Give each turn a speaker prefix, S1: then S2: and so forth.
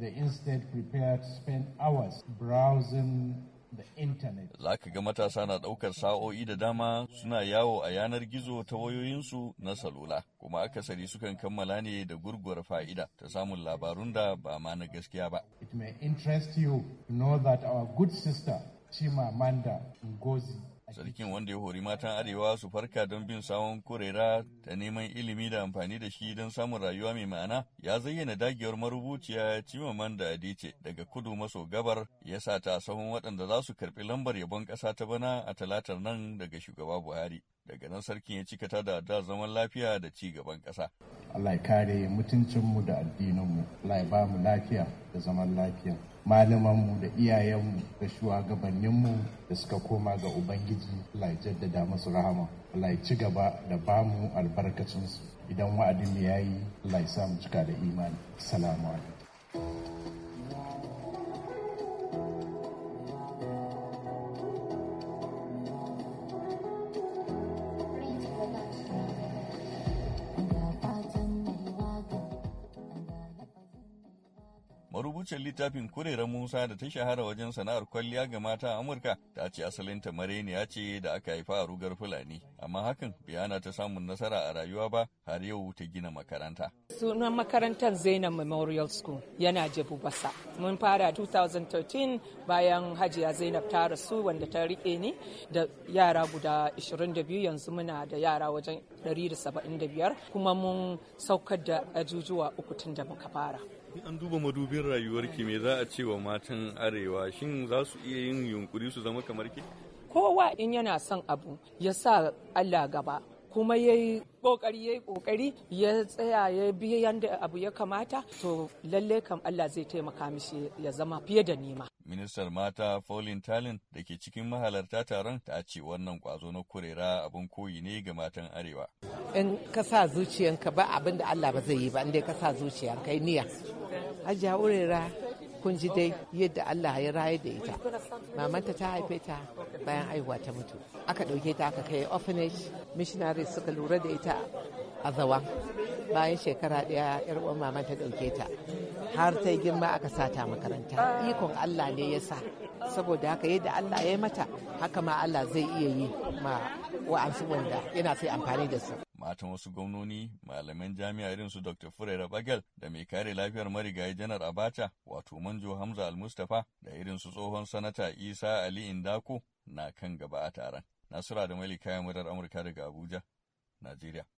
S1: They instead prepared to spend hours browsing the internet.
S2: Za ga matasa na ɗaukar sa'o'i da dama suna yawo a yanar gizo ta wayoyinsu na salula, kuma akasari sukan kammala ne da gurguwar fa'ida ta samun labarun da ba ma na gaskiya ba.
S1: It may interest you to know that our good sister Chimamanda Ngozi
S2: Sarkin wanda ya hori matan arewa su farka don bin sawon kurera ta neman ilimi da amfani da shi don samun rayuwa mai ma'ana ya zayyana dagiyar marubuciya da adice daga kudu maso gabar ya sa ta sahun waɗanda za su karɓi lambar yabon ƙasa ta bana a talatar nan daga shugaba Buhari. daga nan sarkin ya cikata da da zaman lafiya da ci gaban ƙasa.
S1: Allah ya kare mutuncinmu da addininmu, Allah ya ba mu lafiya da zaman lafiya. Malamanmu da iyayenmu da shugabanninmu da suka koma ga Ubangiji, Allah ya jaddada masu rahama, Allah ya ci gaba da ba mu albarkacinsu. Idan wa'adin ya yi, Allah ya sa mu cika da imani. Salamu alaikum.
S2: marubuciyar littafin Kurera Musa da ta shahara wajen sana'ar kwalliya ga mata a Amurka ta ce asalinta mareniya ce da aka haifa a rugar Fulani, amma hakan bai hana ta samun nasara a rayuwa ba har yau ta gina makaranta.
S3: Sunan makarantar Zainab Memorial School yana Jebu Basa. Mun fara 2013 bayan Hajiya Zainab ta rasu wanda ta rike ni da yara guda 22 yanzu muna da yara wajen 175 kuma mun saukar da ajujuwa uku tun da muka fara.
S2: An duba madubin rayuwarki me za a ce wa matan arewa shin za su iya yin yunkuri su zama kamar ki?
S3: Kowa in yana son abu ya sa Allah gaba kuma ya yi kokari ya yi kokari ya tsaya ya bi yanda abu ya kamata to lalle kam Allah zai taimaka mishi ya zama fiye da nima.
S2: Ministar mata Pauline Talin da ke cikin mahalarta taron ta ce wannan kwazo na kurera abin koyi ne ga matan arewa.
S1: In ka sa zuciyanka ba abin da Allah ba zai yi ba inda ka sa kai niyya hajiya urera kun ji dai yadda Allah ya raye da ita mamanta ta haife ta bayan aihuwa ta mutu aka ɗauke ta aka kai orphanage missionary suka lura da ita a zawa bayan shekara ɗaya yar uwan mamanta ta ɗauke ta har ta girma aka sata makaranta ikon Allah ne ya sa saboda haka yadda Allah ya mata haka ma Allah zai iya yi ma wa'ansu wanda yana sai amfani da su
S2: matan wasu gwamnoni malaman jami'a irin su dr furaira bagel da mai kare lafiyar marigayi janar abacha wato manjo hamza almustapha da irin su tsohon sanata isa ali indako na kan gaba a taron nasura da mai kayan murar amurka daga abuja najeriya